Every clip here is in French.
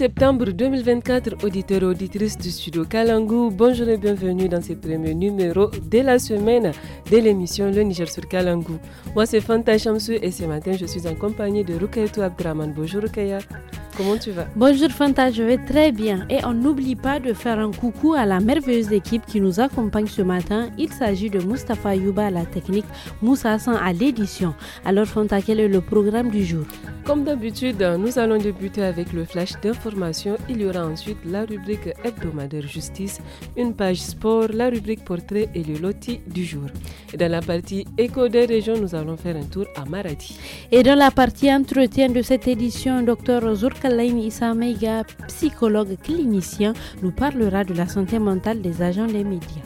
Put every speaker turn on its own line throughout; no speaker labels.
septembre 2024, auditeur et auditrices du studio Kalangou, bonjour et bienvenue dans ce premier numéro de la semaine de l'émission Le Niger sur Kalangou. Moi, c'est Fanta Chamsu et ce matin, je suis en compagnie de Rukaitou Abdraman. Bonjour Rukaya, comment tu vas
Bonjour Fanta, je vais très bien. Et on n'oublie pas de faire un coucou à la merveilleuse équipe qui nous accompagne ce matin. Il s'agit de Mustapha Yuba à la technique, Moussa Hassan à l'édition. Alors Fanta, quel est le programme du jour
Comme d'habitude, nous allons débuter avec le flash d'information il y aura ensuite la rubrique hebdomadaire justice, une page sport, la rubrique portrait et le loti du jour. Et dans la partie éco des régions, nous allons faire un tour à Maradi.
Et dans la partie entretien de cette édition, Dr Issa Meiga, psychologue clinicien, nous parlera de la santé mentale des agents des médias.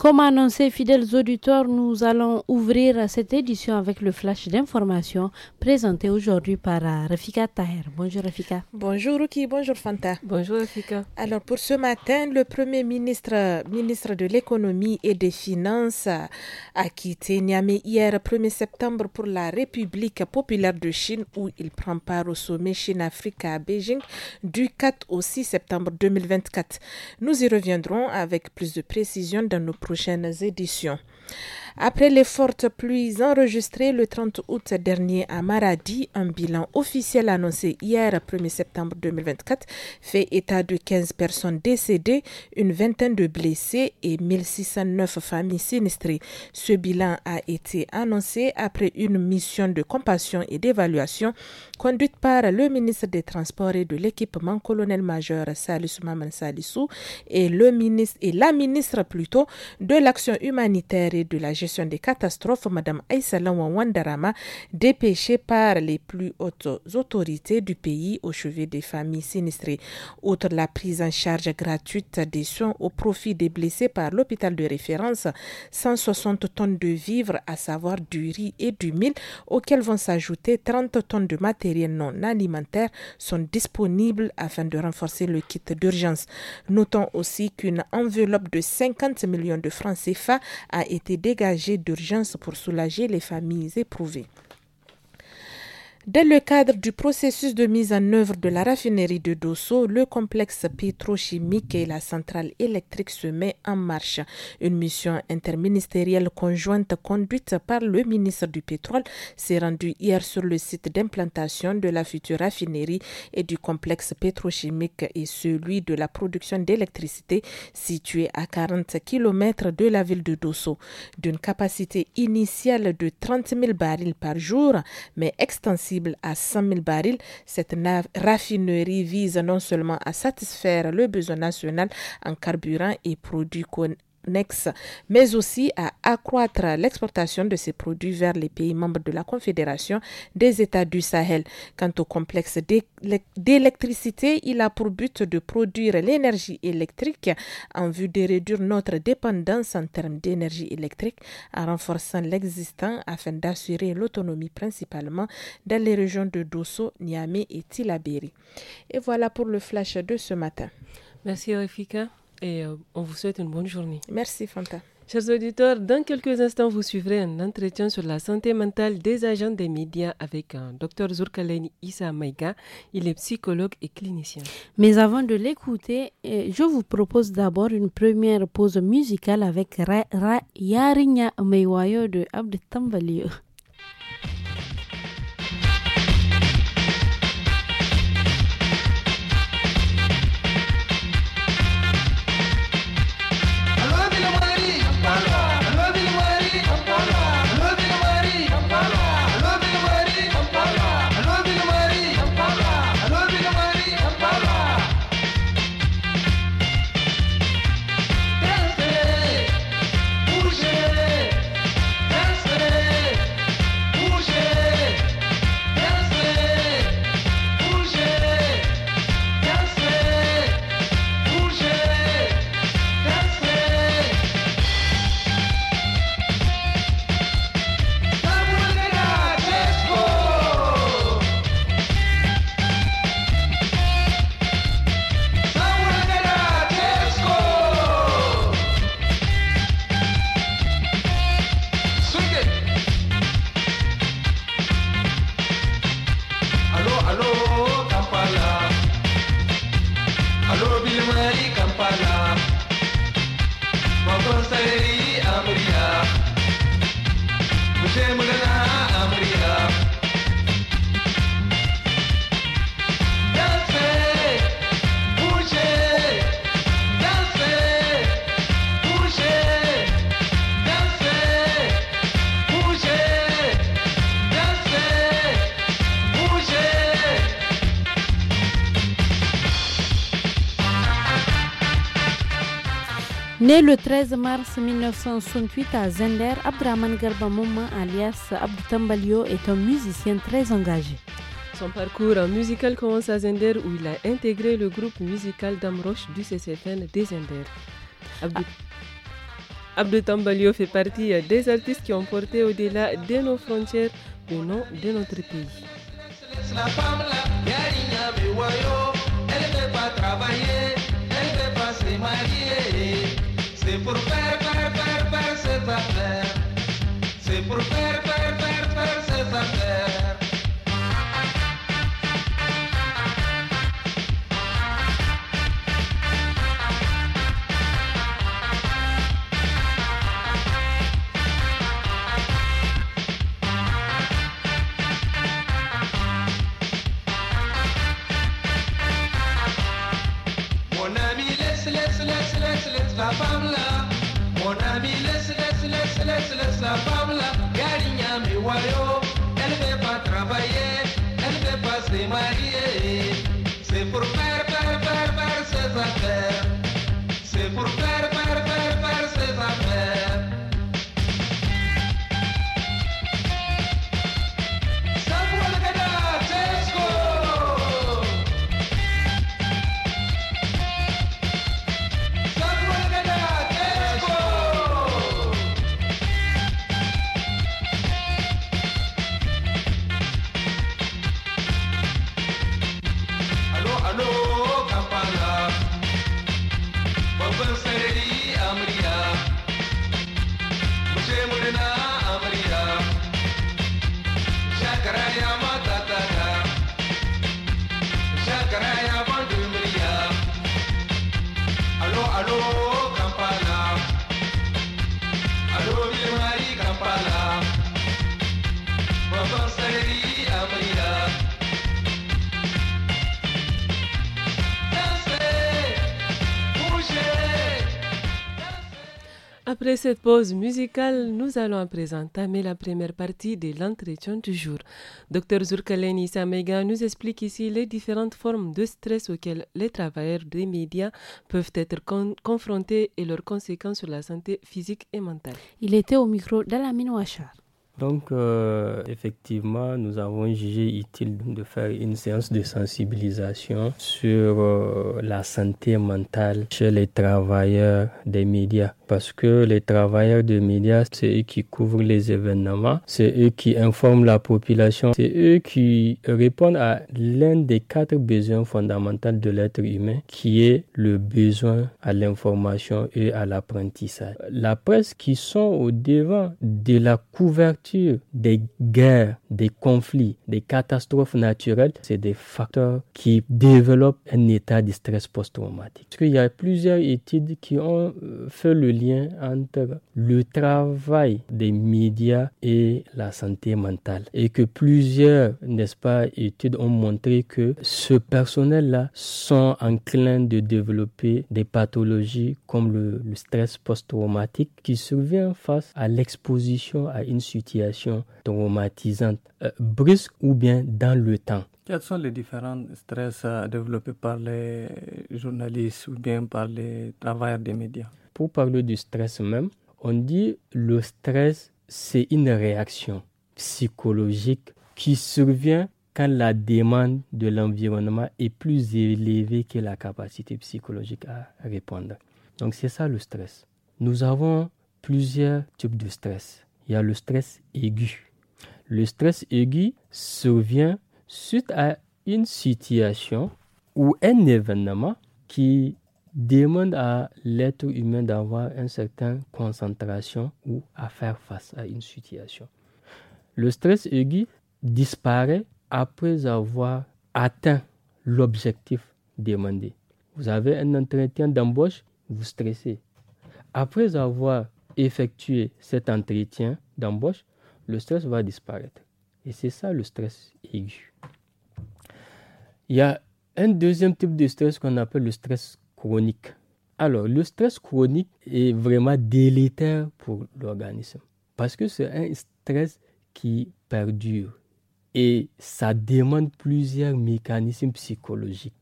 Comme annoncé, fidèles auditeurs, nous allons ouvrir cette édition avec le flash d'information présenté aujourd'hui par euh, Rafika Taher. Bonjour Rafika.
Bonjour Ruki, bonjour Fanta. Bonjour Rafika. Alors pour ce matin, le Premier ministre, ministre de l'économie et des finances a quitté Niamey hier 1er septembre pour la République populaire de Chine où il prend part au sommet Chine-Afrique à Beijing du 4 au 6 septembre 2024. Nous y reviendrons avec plus de précision dans nos prochaines éditions. Après les fortes pluies enregistrées le 30 août dernier à Maradi, un bilan officiel annoncé hier 1er septembre 2024 fait état de 15 personnes décédées, une vingtaine de blessés et 1609 familles sinistrées. Ce bilan a été annoncé après une mission de compassion et d'évaluation conduite par le ministre des Transports et de l'équipement, colonel-major Salus Maman et, le ministre, et la ministre plutôt de l'Action humanitaire et de la gestion des catastrophes, Mme Aïssa Wandarama, dépêchée par les plus hautes autorités du pays au chevet des familles sinistrées. Outre la prise en charge gratuite des soins au profit des blessés par l'hôpital de référence, 160 tonnes de vivres, à savoir du riz et du mil, auxquels vont s'ajouter 30 tonnes de matériel non alimentaire, sont disponibles afin de renforcer le kit d'urgence. Notons aussi qu'une enveloppe de 50 millions de francs CFA a été dégagée d'urgence pour soulager les familles éprouvées. Dans le cadre du processus de mise en œuvre de la raffinerie de Dosso, le complexe pétrochimique et la centrale électrique se met en marche. Une mission interministérielle conjointe conduite par le ministre du Pétrole s'est rendue hier sur le site d'implantation de la future raffinerie et du complexe pétrochimique et celui de la production d'électricité situé à 40 km de la ville de Dosso. D'une capacité initiale de 30 000 barils par jour, mais extensive à 100 000 barils. Cette raffinerie vise non seulement à satisfaire le besoin national en carburant et produits mais aussi à accroître l'exportation de ces produits vers les pays membres de la Confédération des États du Sahel. Quant au complexe d'électricité, il a pour but de produire l'énergie électrique en vue de réduire notre dépendance en termes d'énergie électrique en renforçant l'existant afin d'assurer l'autonomie principalement dans les régions de Dosso, Niamey et Tilaberi. Et voilà pour le flash de ce matin.
Merci Rafika et euh, on vous souhaite une bonne journée. Merci Fanta. Chers auditeurs, dans quelques instants, vous suivrez un entretien sur la santé mentale des agents des médias avec un euh, docteur Zourkaleni Issa Maïga. Il est psychologue et clinicien.
Mais avant de l'écouter, euh, je vous propose d'abord une première pause musicale avec Ra, Ra Yarinya de Abd Tambalio.
abrirá.
Dès le 13 mars 1968 à Zender, Abdraman Garba Mouma alias Abdou Tambalio est un musicien très engagé.
Son parcours musical commence à Zender où il a intégré le groupe musical d'Amroche du CCFN des Zender. Abdou... Ah. Tambalio fait partie des artistes qui ont porté au-delà de nos frontières au nom de notre pays.
C'est pour faire, faire, faire, faire, c'est à faire. C'est pour faire, faire. laisse, laisse la femme là, Garinya me wayo, elle ne veut pas travailler, elle ne veut pas se marier, c'est pour faire, faire, faire, faire ses affaires.
Après cette pause musicale, nous allons à présent entamer la première partie de l'entretien du jour. Docteur Zurkaleni Samega nous explique ici les différentes formes de stress auxquelles les travailleurs des médias peuvent être confrontés et leurs conséquences sur la santé physique et mentale. Il était
au micro d'Alamin Ouachar.
Donc, euh, effectivement, nous avons jugé utile de faire une séance de sensibilisation sur euh, la santé mentale chez les travailleurs des médias. Parce que les travailleurs des médias, c'est eux qui couvrent les événements, c'est eux qui informent la population, c'est eux qui répondent à l'un des quatre besoins fondamentaux de l'être humain, qui est le besoin à l'information et à l'apprentissage. La presse qui sont au devant de la couverture des guerres, des conflits, des catastrophes naturelles, c'est des facteurs qui développent un état de stress post-traumatique. Parce qu'il y a plusieurs études qui ont euh, fait le lien entre le travail des médias et la santé mentale. Et que plusieurs, n'est-ce pas, études ont montré que ce personnel-là sont enclins de développer des pathologies comme le, le stress post-traumatique qui survient face à l'exposition à une situation traumatisante, euh, brusque ou bien dans le temps. Quels sont les différents stress euh, développés par les journalistes ou bien par les travailleurs des médias Pour parler du stress même, on dit le stress, c'est une réaction psychologique qui survient quand la demande de l'environnement est plus élevée que la capacité psychologique à répondre. Donc c'est ça le stress. Nous avons plusieurs types de stress il y a le stress aigu. Le stress aigu survient suite à une situation ou un événement qui demande à l'être humain d'avoir une certaine concentration ou à faire face à une situation. Le stress aigu disparaît après avoir atteint l'objectif demandé. Vous avez un entretien d'embauche, vous stressez. Après avoir effectuer cet entretien d'embauche, le stress va disparaître. Et c'est ça le stress aigu. Il y a un deuxième type de stress qu'on appelle le stress chronique. Alors, le stress chronique est vraiment délétère pour l'organisme parce que c'est un stress qui perdure et ça demande plusieurs mécanismes psychologiques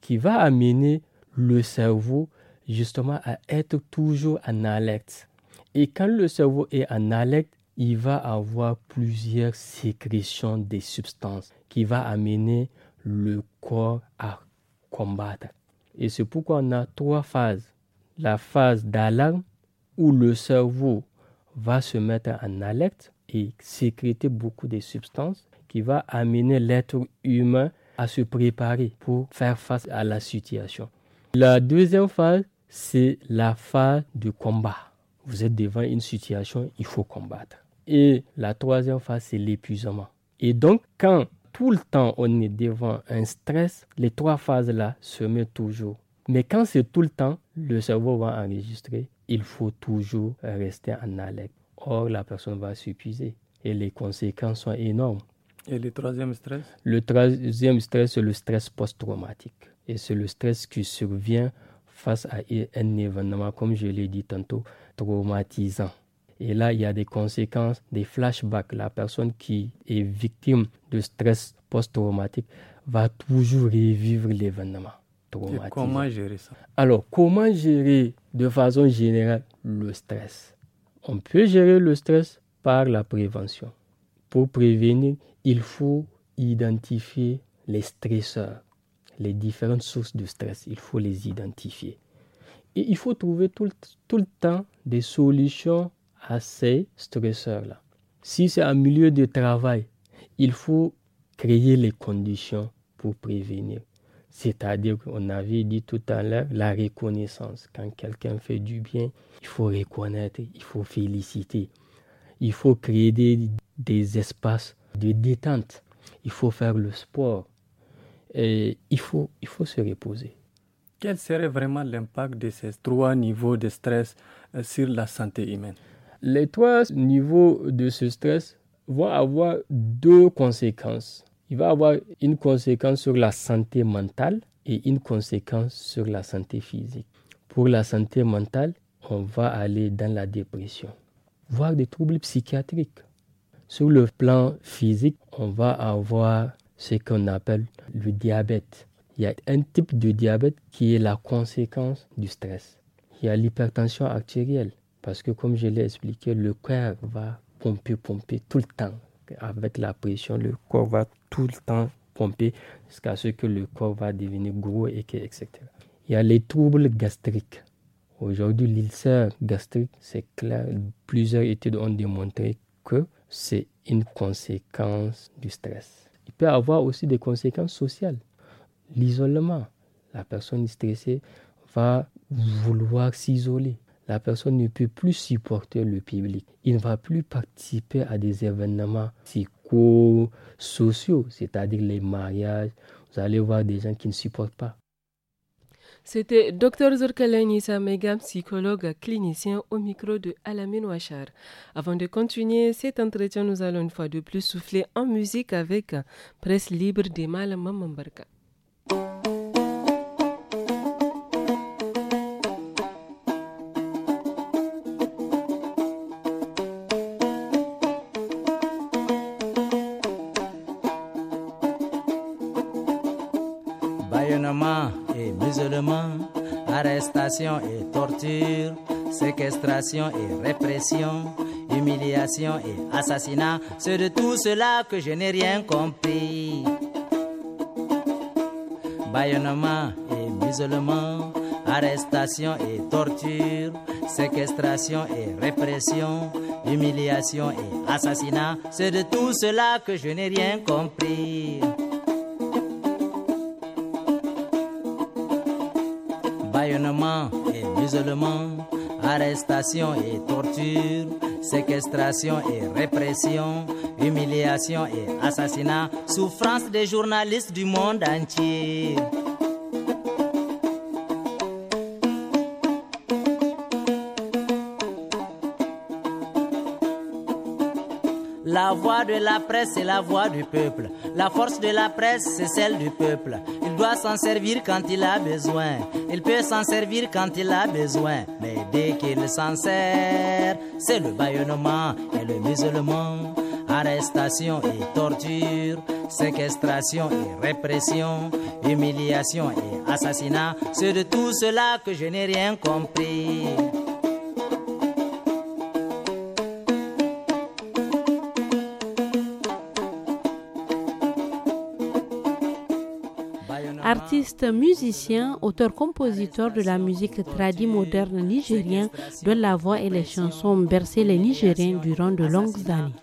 qui va amener le cerveau justement à être toujours en alerte et quand le cerveau est en alerte, il va avoir plusieurs sécrétions des substances qui va amener le corps à combattre. Et c'est pourquoi on a trois phases. La phase d'alarme où le cerveau va se mettre en alerte et sécréter beaucoup de substances qui va amener l'être humain à se préparer pour faire face à la situation. La deuxième phase, c'est la phase du combat vous êtes devant une situation, il faut combattre. Et la troisième phase, c'est l'épuisement. Et donc, quand tout le temps on est devant un stress, les trois phases-là se mettent toujours. Mais quand c'est tout le temps, le cerveau va enregistrer. Il faut toujours rester en alerte. Or, la personne va s'épuiser et les conséquences sont énormes.
Et le troisième
stress Le troisième stress, c'est le stress post-traumatique. Et c'est le stress qui survient face à un événement, comme je l'ai dit tantôt, traumatisant. Et là, il y a des conséquences, des flashbacks. La personne qui est victime de stress post-traumatique va toujours revivre l'événement traumatisant. Et comment gérer ça Alors, comment gérer de façon générale le stress On peut gérer le stress par la prévention. Pour prévenir, il faut identifier les stresseurs, les différentes sources de stress. Il faut les identifier. Et il faut trouver tout, tout le temps des solutions à ces stresseurs-là. Si c'est un milieu de travail, il faut créer les conditions pour prévenir. C'est-à-dire on avait dit tout à l'heure la reconnaissance. Quand quelqu'un fait du bien, il faut reconnaître, il faut féliciter. Il faut créer des, des espaces de détente. Il faut faire le sport. Et il, faut, il faut se reposer. Quel serait vraiment l'impact de ces trois niveaux de stress euh, sur la santé humaine Les trois niveaux de ce stress vont avoir deux conséquences. Il va avoir une conséquence sur la santé mentale et une conséquence sur la santé physique. Pour la santé mentale, on va aller dans la dépression, voire des troubles psychiatriques. Sur le plan physique, on va avoir ce qu'on appelle le diabète. Il y a un type de diabète qui est la conséquence du stress. Il y a l'hypertension artérielle, parce que comme je l'ai expliqué, le cœur va pomper, pomper tout le temps. Avec la pression, le corps va tout le temps pomper jusqu'à ce que le corps va devenir gros, et que, etc. Il y a les troubles gastriques. Aujourd'hui, l'ulcère gastrique, c'est clair, plusieurs études ont démontré que c'est une conséquence du stress. Il peut avoir aussi des conséquences sociales l'isolement. La personne stressée va vouloir s'isoler. La personne ne peut plus supporter le public. Il ne va plus participer à des événements psychosociaux, c'est-à-dire les mariages. Vous allez voir des gens qui ne supportent pas.
C'était Dr Zurkalani Megam, psychologue clinicien au micro de Alamin Ouachar. Avant de continuer cet entretien, nous allons une fois de plus souffler en musique avec Presse libre des Mâles Mambarka.
Baïonnement et musulman, arrestation et torture, séquestration et répression, humiliation et assassinat, c'est de tout cela que je n'ai rien compris. Bayonnement et musulmans, arrestation et torture, séquestration et répression, humiliation et assassinat. C'est de tout cela que je n'ai rien compris. Bayonnement et musulmans, arrestation et torture, séquestration et répression, humiliation et assassinat, souffrance des journalistes du monde entier. La voix de la presse, c'est la voix du peuple. La force de la presse, c'est celle du peuple. Il doit s'en servir quand il a besoin. Il peut s'en servir quand il a besoin. Mais dès qu'il s'en sert, c'est le bâillonnement et le musulman arrestation et torture, séquestration et répression, humiliation et assassinat. C'est de tout cela que je n'ai rien compris.
artiste musicien, auteur-compositeur de la musique tradie moderne nigérienne, de la voix et les chansons bercées les Nigériens durant de longues années.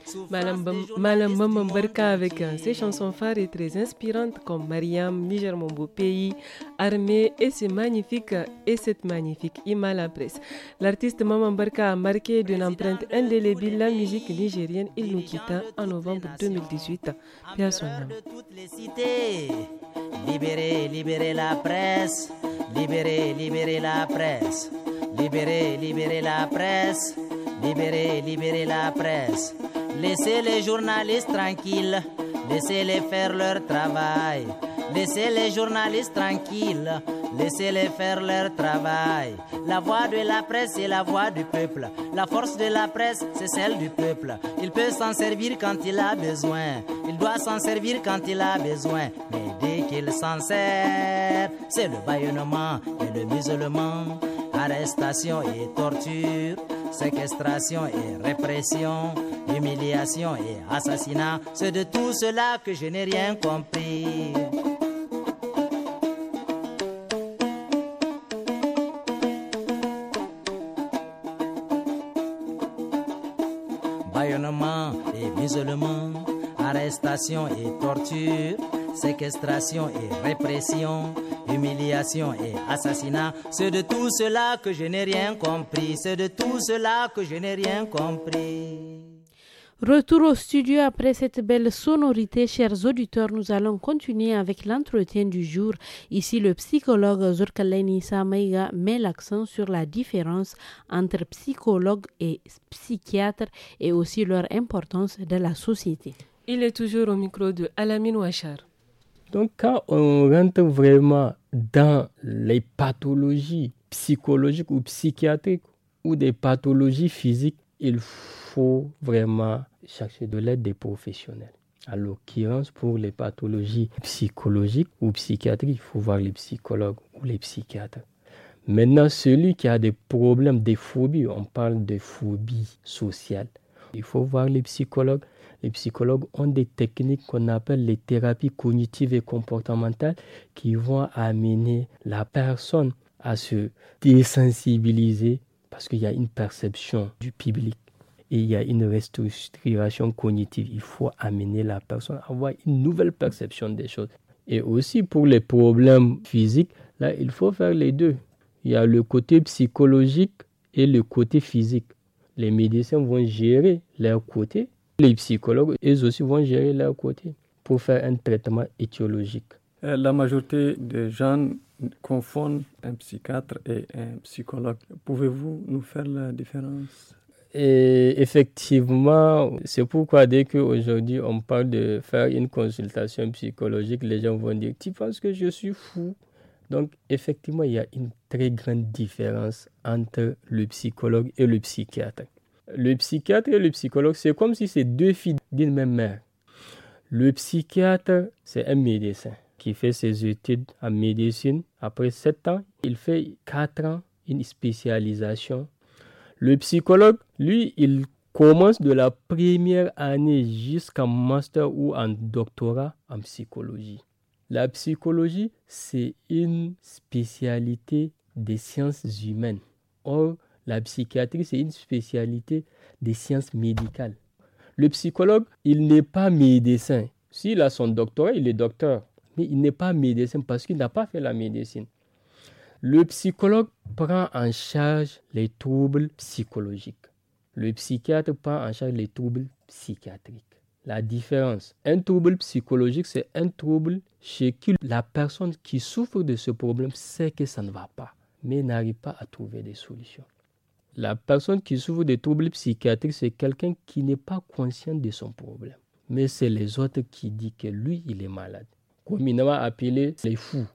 Madame Maman Barka avec euh, ses chansons phares et très inspirantes comme Mariam, Niger mon beau pays, Armée et ses magnifique euh, et cette magnifique la Presse. L'artiste Maman a marqué d'une empreinte indélébile la musique nigérienne. Il nous quitta en novembre 2018. Bien son
libérez la presse, libérer, libérer la presse, libérer, libérer la presse, libérer, libérer la presse. Laissez les journalistes tranquilles, laissez-les faire leur travail. Laissez les journalistes tranquilles, laissez-les faire leur travail. La voix de la presse est la voix du peuple. La force de la presse, c'est celle du peuple. Il peut s'en servir quand il a besoin. Il doit s'en servir quand il a besoin s'en sert. C'est le baillonnement et le musulman, arrestation et torture, séquestration et répression, humiliation et assassinat. C'est de tout cela que je n'ai rien compris. Baillonnement et musulman, arrestation et torture séquestration et répression, humiliation et assassinat. C'est de tout cela que je n'ai rien compris, c'est de tout cela que je n'ai rien compris.
Retour au studio après cette belle sonorité, chers auditeurs, nous allons continuer avec l'entretien du jour. Ici, le psychologue Zurkaleni Samaiga met l'accent sur la différence entre psychologue et psychiatre et aussi leur importance dans la société.
Il est toujours au micro de Alamine Ouachar.
Donc quand on rentre vraiment dans les pathologies psychologiques ou psychiatriques ou des pathologies physiques, il faut vraiment chercher de l'aide des professionnels. À l'occurrence, pour les pathologies psychologiques ou psychiatriques, il faut voir les psychologues ou les psychiatres. Maintenant, celui qui a des problèmes, des phobies, on parle de phobie sociale, il faut voir les psychologues, les psychologues ont des techniques qu'on appelle les thérapies cognitives et comportementales qui vont amener la personne à se désensibiliser parce qu'il y a une perception du public et il y a une restructuration cognitive. Il faut amener la personne à avoir une nouvelle perception des choses. Et aussi pour les problèmes physiques, là, il faut faire les deux. Il y a le côté psychologique et le côté physique. Les médecins vont gérer leur côté les psychologues, eux aussi, vont gérer leur côté pour faire un traitement étiologique. Euh, la majorité des gens confondent un psychiatre et un psychologue. Pouvez-vous nous faire la différence et effectivement, c'est pourquoi dès qu'aujourd'hui on parle de faire une consultation psychologique, les gens vont dire, tu penses que je suis fou donc, effectivement, il y a une très grande différence entre le psychologue et le psychiatre. Le psychiatre et le psychologue, c'est comme si c'est deux filles d'une même mère. Le psychiatre, c'est un médecin qui fait ses études en médecine. Après sept ans, il fait quatre ans une spécialisation. Le psychologue, lui, il commence de la première année jusqu'en master ou en doctorat en psychologie. La psychologie, c'est une spécialité des sciences humaines. La psychiatrie, c'est une spécialité des sciences médicales. Le psychologue, il n'est pas médecin. S'il a son doctorat, il est docteur. Mais il n'est pas médecin parce qu'il n'a pas fait la médecine. Le psychologue prend en charge les troubles psychologiques. Le psychiatre prend en charge les troubles psychiatriques. La différence, un trouble psychologique, c'est un trouble chez qui la personne qui souffre de ce problème sait que ça ne va pas, mais n'arrive pas à trouver des solutions. La personne qui souffre de troubles psychiatriques, c'est quelqu'un qui n'est pas conscient de son problème. Mais c'est les autres qui disent que lui, il est malade. Comme Communément appelé les fous.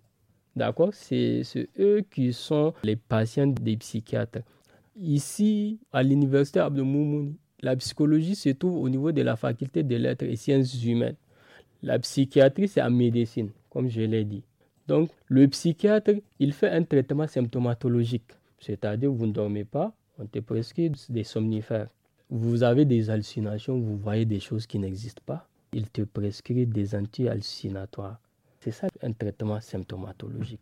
D'accord C'est eux qui sont les patients des psychiatres. Ici, à l'université Abdelmoumouni, la psychologie se trouve au niveau de la faculté des lettres et sciences humaines. La psychiatrie, c'est en médecine, comme je l'ai dit. Donc, le psychiatre, il fait un traitement symptomatologique, c'est-à-dire vous ne dormez pas, on te prescrit des somnifères. Vous avez des hallucinations, vous voyez des choses qui n'existent pas. Il te prescrit des anti-hallucinatoires. C'est ça un traitement symptomatologique.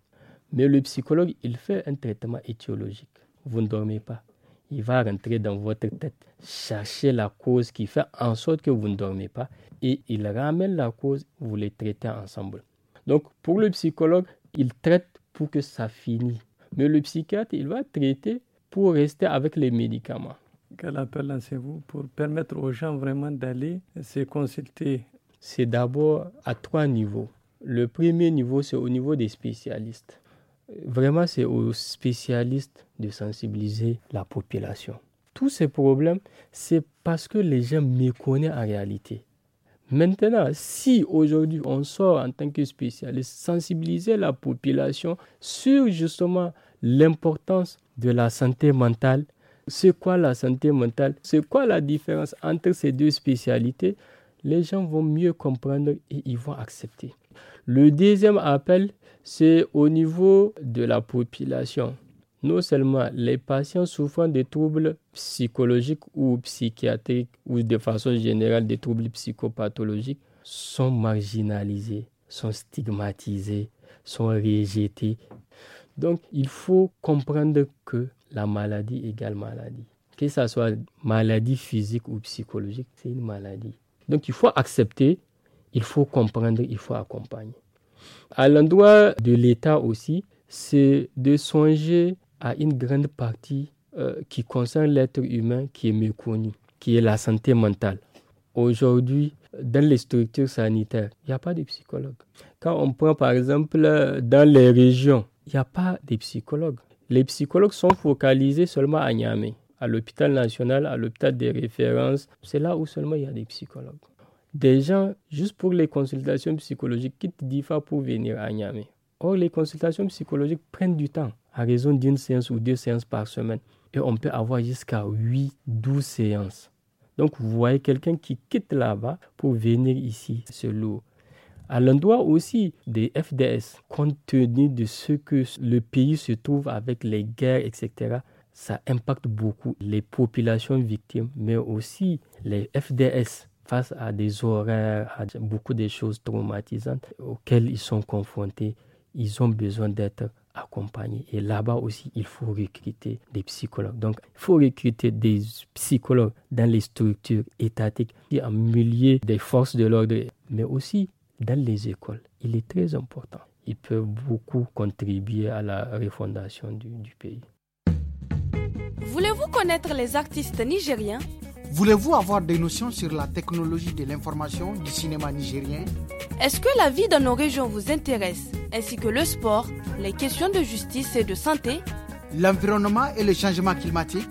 Mais le psychologue, il fait un traitement étiologique. Vous ne dormez pas. Il va rentrer dans votre tête, chercher la cause qui fait en sorte que vous ne dormez pas et il ramène la cause, vous les traitez ensemble. Donc pour le psychologue, il traite pour que ça finisse. Mais le psychiatre, il va traiter pour rester avec les médicaments. Quel appel lancez-vous pour permettre aux gens vraiment d'aller se consulter C'est d'abord à trois niveaux. Le premier niveau, c'est au niveau des spécialistes. Vraiment, c'est aux spécialistes de sensibiliser la population. Tous ces problèmes, c'est parce que les gens méconnaissent en réalité. Maintenant, si aujourd'hui on sort en tant que spécialiste, sensibiliser la population sur justement l'importance de la santé mentale. C'est quoi la santé mentale C'est quoi la différence entre ces deux spécialités Les gens vont mieux comprendre et ils vont accepter. Le deuxième appel, c'est au niveau de la population. Non seulement les patients souffrant de troubles psychologiques ou psychiatriques ou de façon générale des troubles psychopathologiques sont marginalisés, sont stigmatisés, sont rejetés donc, il faut comprendre que la maladie égale maladie. Que ça soit maladie physique ou psychologique, c'est une maladie. Donc, il faut accepter, il faut comprendre, il faut accompagner. À l'endroit de l'État aussi, c'est de songer à une grande partie euh, qui concerne l'être humain qui est méconnu, qui est la santé mentale. Aujourd'hui, dans les structures sanitaires, il n'y a pas de psychologue. Quand on prend par exemple dans les régions, il n'y a pas des psychologues. Les psychologues sont focalisés seulement à Niamey, à l'hôpital national, à l'hôpital des références. C'est là où seulement il y a des psychologues. Des gens, juste pour les consultations psychologiques, quittent DIFA pour venir à Niamey. Or, les consultations psychologiques prennent du temps, à raison d'une séance ou deux séances par semaine. Et on peut avoir jusqu'à 8, 12 séances. Donc, vous voyez quelqu'un qui quitte là-bas pour venir ici, ce lourd à l'endroit aussi des FDS, compte tenu de ce que le pays se trouve avec les guerres, etc., ça impacte beaucoup les populations victimes, mais aussi les FDS face à des horaires, à beaucoup de choses traumatisantes auxquelles ils sont confrontés. Ils ont besoin d'être accompagnés. Et là-bas aussi, il faut recruter des psychologues. Donc, il faut recruter des psychologues dans les structures étatiques, en milieu des forces de l'ordre, mais aussi dans les écoles, il est très important. Il peut beaucoup contribuer à la refondation du, du pays.
Voulez-vous connaître les artistes nigériens
Voulez-vous avoir
des notions sur la technologie de l'information du cinéma nigérien
Est-ce que la vie dans nos régions vous intéresse, ainsi que le sport, les questions de justice et de santé
L'environnement et le changement climatique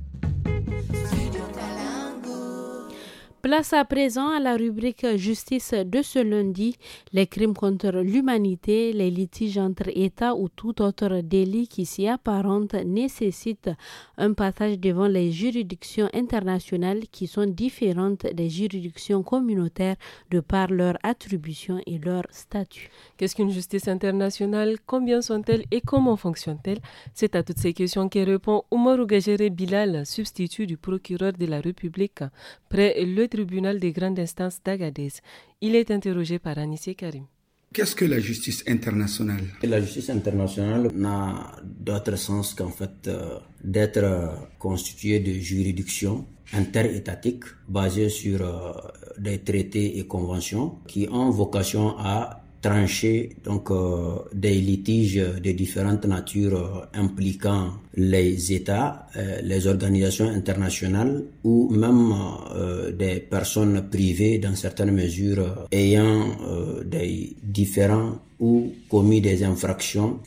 Place à
présent à la rubrique justice de ce lundi, les crimes contre l'humanité, les litiges entre États ou tout autre délit qui s'y apparente nécessitent un passage devant les juridictions internationales qui sont différentes des juridictions communautaires de par leur attribution et leur statut. Qu'est-ce qu'une justice
internationale Combien sont-elles et comment fonctionnent-elles C'est à toutes ces questions que répond Omar Ougagere Bilal, substitut du procureur de la République, près le tribunal des grandes instances d'Agadez. Il est interrogé par Anissé Karim.
Qu'est-ce que la justice
internationale La justice internationale n'a d'autre sens qu'en fait euh, d'être euh, constituée de juridictions interétatiques basées sur euh, des traités et conventions qui ont vocation à trancher donc euh, des litiges de différentes natures euh, impliquant les États, euh, les organisations internationales ou même des personnes privées dans certaines mesures ayant des différents ou commis des infractions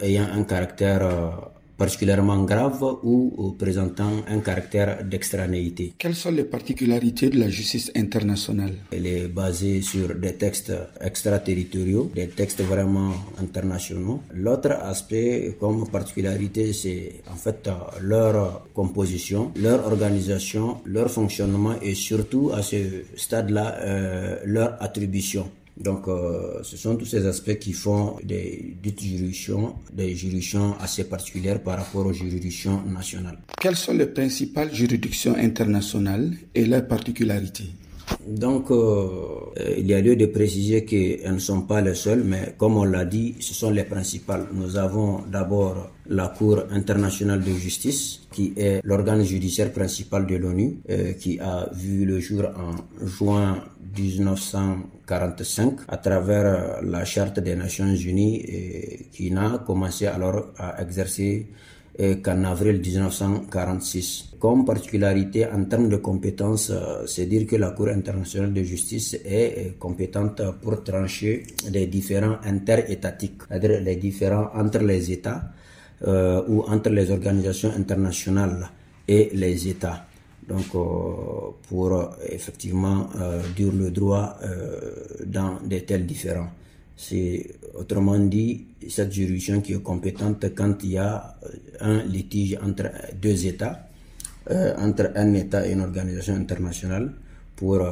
ayant un caractère particulièrement grave ou euh, présentant un caractère d'extranéité. Quelles sont les particularités de la justice internationale Elle est basée sur des textes extraterritoriaux, des textes vraiment internationaux. L'autre aspect comme particularité, c'est en fait leur composition, leur organisation, leur fonctionnement et surtout à ce stade-là, euh, leur attribution. Donc, euh, ce sont tous ces aspects qui font des juridictions, des juridictions assez particulières par rapport aux juridictions nationales.
Quelles sont les principales juridictions internationales et leurs particularités
donc, euh, euh, il y a lieu de préciser qu'elles ne sont pas les seules, mais comme on l'a dit, ce sont les principales. Nous avons d'abord la Cour internationale de justice, qui est l'organe judiciaire principal de l'ONU, euh, qui a vu le jour en juin 1945 à travers la Charte des Nations Unies et qui n'a commencé alors à exercer qu'en avril 1946. Comme particularité en termes de compétences, euh, c'est dire que la Cour internationale de justice est euh, compétente pour trancher les différents interétatiques, c'est-à-dire les différents entre les États euh, ou entre les organisations internationales et les États. Donc, pour effectivement dire le droit dans des tels différents. C'est autrement dit cette juridiction qui est compétente quand il y a euh, un litige entre deux États, euh, entre un État et une organisation internationale, pour euh,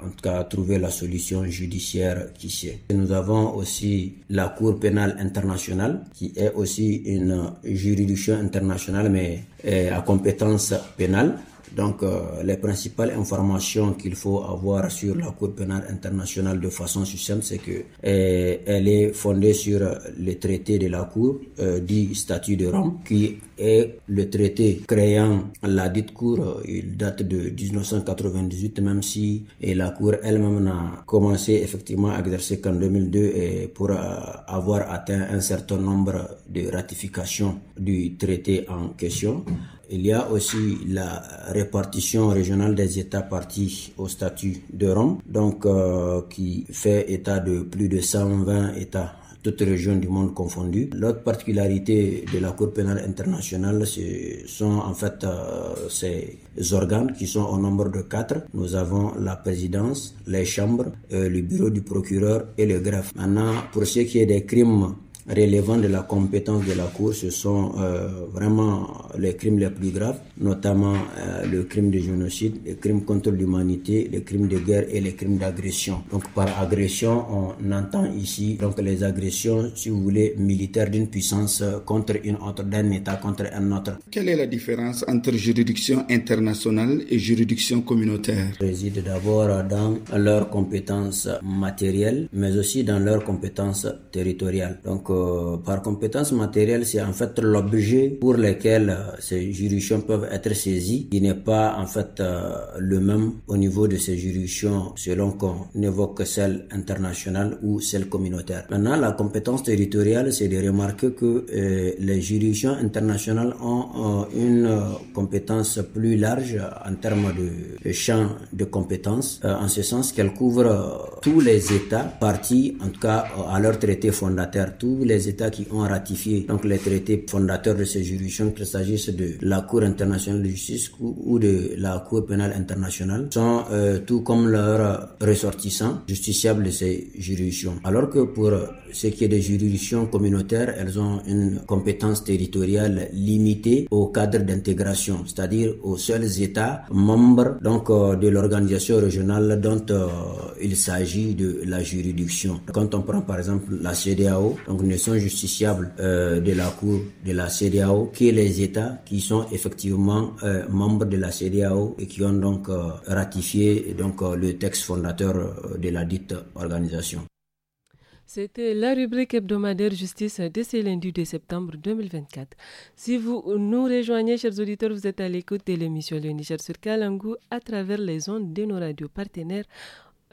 en tout cas trouver la solution judiciaire qui sied. Nous avons aussi la Cour pénale internationale, qui est aussi une juridiction internationale, mais à compétence pénale donc, euh, les principales informations qu'il faut avoir sur la Cour pénale internationale de façon succincte, c'est que eh, elle est fondée sur le traité de la Cour, euh, dit statut de Rome, qui est le traité créant la dite Cour. Euh, il date de 1998, même si la Cour elle-même n'a commencé effectivement à exercer qu'en 2002 et pour avoir atteint un certain nombre de ratifications du traité en question. Il y a aussi la répartition régionale des États partis au statut de Rome, donc euh, qui fait état de plus de 120 États toutes régions du monde confondues. L'autre particularité de la Cour pénale internationale, ce sont en fait euh, ces organes qui sont au nombre de quatre. Nous avons la présidence, les chambres, euh, le bureau du procureur et le greffe. Maintenant, pour ce qui est des crimes relevant de la compétence de la Cour, ce sont euh, vraiment les crimes les plus graves, notamment euh, le crime de génocide, les crimes contre l'humanité, les crimes de guerre et les crimes d'agression. Donc par agression, on entend ici donc les agressions, si vous voulez, militaires d'une puissance euh, contre une autre, d'un État contre un autre. Quelle est la différence entre juridiction internationale et juridiction communautaire Réside d'abord dans leurs compétences matérielles, mais aussi dans leurs compétences territoriales. Donc euh, par compétence matérielle, c'est en fait l'objet pour lequel euh, ces juridictions peuvent être saisies, qui n'est pas en fait euh, le même au niveau de ces juridictions selon qu'on évoque celle internationale ou celle communautaire. Maintenant, la compétence territoriale, c'est de remarquer que les juridictions internationales ont une compétence plus large en termes de champ de compétences, en ce sens qu'elles couvrent tous les États partis, en tout cas à leur traité fondateur, tous les États qui ont ratifié donc les traités fondateurs de ces juridictions, qu'il s'agisse de la Cour internationale de justice ou de la Cour pénale internationale, sont euh, tout comme leurs ressortissants justiciables de ces juridictions. Alors que pour ce qui est des juridictions communautaires, elles ont une compétence territoriale limitée au cadre d'intégration, c'est-à-dire aux seuls États membres donc euh, de l'organisation régionale dont euh, il s'agit de la juridiction. Quand on prend par exemple la CDAO, donc ne sont justiciables euh, de la Cour de la CDAO que les États qui sont effectivement euh, membres de la CDAO et qui ont donc euh, ratifié donc le texte fondateur de la dite organisation.
C'était la rubrique hebdomadaire justice de ce lundi de septembre 2024. Si vous nous rejoignez, chers auditeurs, vous êtes à l'écoute de l'émission Le Niger sur Kalangu à travers les ondes de nos radios partenaires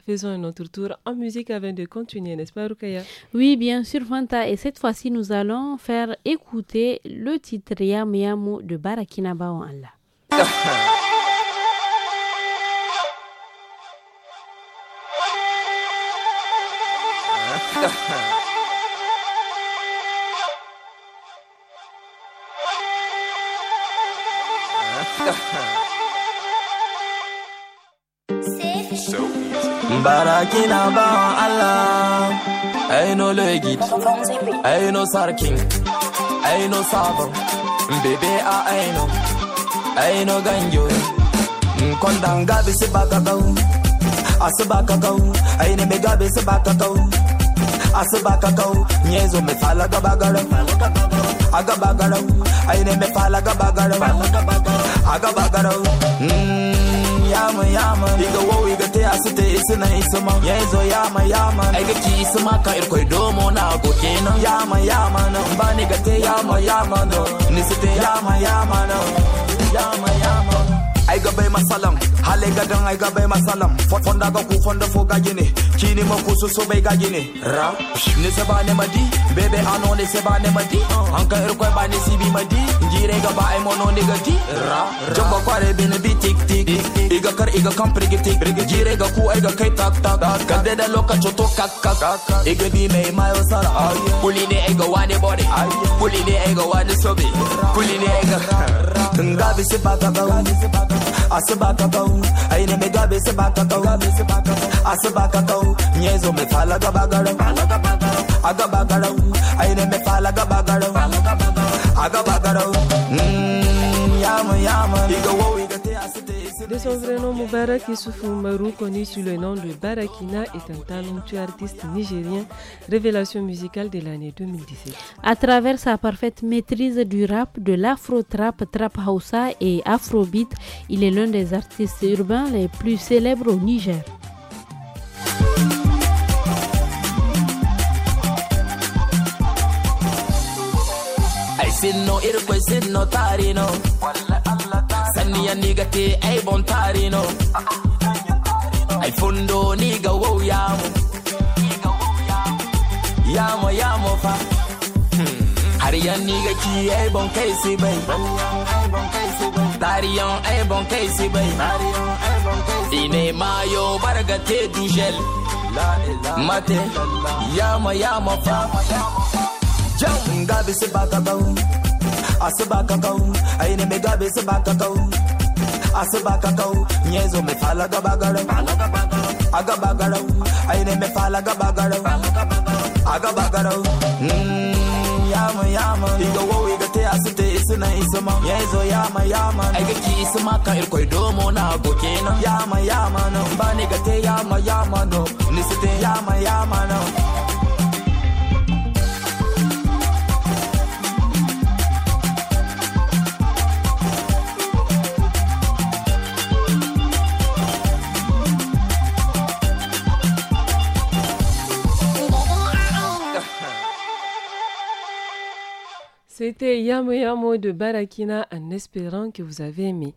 faisons un autre tour en musique avant de continuer, n'est-ce pas Rukaya
Oui, bien sûr Fanta. Et cette fois-ci, nous allons faire écouter le titre Yam Yamu de Barakina en Allah.
Baraki na Allah Ai no legit Ai no sarkin Ai no sabo, Bebe a ai no Ai no ganjo Kondan gabi si baka kau Asu baka kau ne me gabi si baka kau Asu baka kau Nyezo me fala gabagara Agabagara Ai ne me fala gabagara Agabagara Mmm Yama yama Iga wowi te a su te isi na isi ma ya domo na go kenan ya na ba ni ga Yama no ni yama te no ya ma masalam hale ga dan ai ga masalam fot fonda ga ku fonda fo ga kini mo ku so so bai ra ne se ba ne madi bebe ano ne se ba ne madi uh. anka ka ir ko ba ne si bi madi jire ga ba ai no ne gadi. ra jabba kware bi ne bi tik tik ga kan prigiti Jire ga ku ai ga kai tak tak Ka de da lokaci to kak kak Iga di mai mayo sara Kuli ne ai ga wani body Kuli ne ai ga wani sobe Kuli ne ai ga Nga bi si baka bau Asu baka bau Ai ne me ga bi si baka bau Asu baka bau Nyezo me fala ga bagara Aga bagara Ai ne me fala ga bagara Aga bagara Mmm Yama yama Iga wow De son vrai
nom, Mubarak connu sous le nom de Barakina, est un talentueux artiste nigérien, révélation musicale de l'année 2017.
À travers sa parfaite maîtrise du rap, de l'afro-trap, trap hausa et afrobeat, il est l'un des artistes urbains les plus célèbres au Niger.
ni ya niga te ai bon tarino ai fundo niga wow yamo yamo yamo fa hmm. har ya niga ki ai bon kai si bai tarion ai bon kai si bai mayo barga te dujel mate yama yama fa jam gabi se baka bau Asubaka kau. aine kau, subakakau asubakakau nyezo mefala gabagarau agabagarau aine mefala gabagarau agabagarau mm, yama yama Igo wowe ga te asite isina isuma. yezo yama yama aiga ki isama ka irkoi domo na gokena. yama yama no bani ga yama yama no nisite yama yama no
C'était Yamo Yamo de Barakina en espérant que vous avez aimé.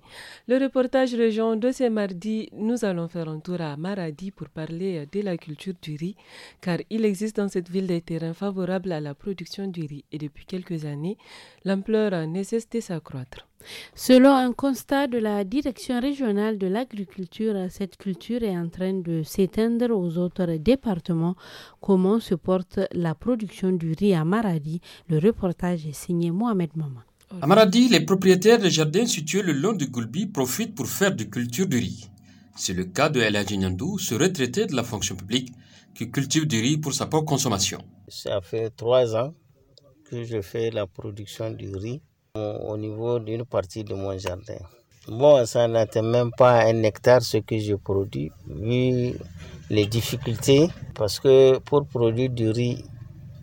Le reportage région de ce mardi, nous allons faire un tour à Maradi pour parler de la culture du riz, car il existe dans cette ville des terrains favorables à la production du riz et depuis quelques années, l'ampleur sa s'accroître.
Selon un constat de la Direction régionale de l'agriculture, cette culture est en train de s'étendre aux autres départements. Comment se porte la production du riz à Maradi Le reportage est signé Mohamed Maman.
À Maradi, les propriétaires de jardins situés le long du Goulbi profitent pour faire de culture du riz. C'est le cas de El ce retraité de la fonction publique qui cultive du riz pour sa propre consommation.
Ça fait trois ans que je fais la production du riz au niveau d'une partie de mon jardin. Bon, ça n'atteint même pas un hectare ce que je produis, vu les difficultés, parce que pour produire du riz,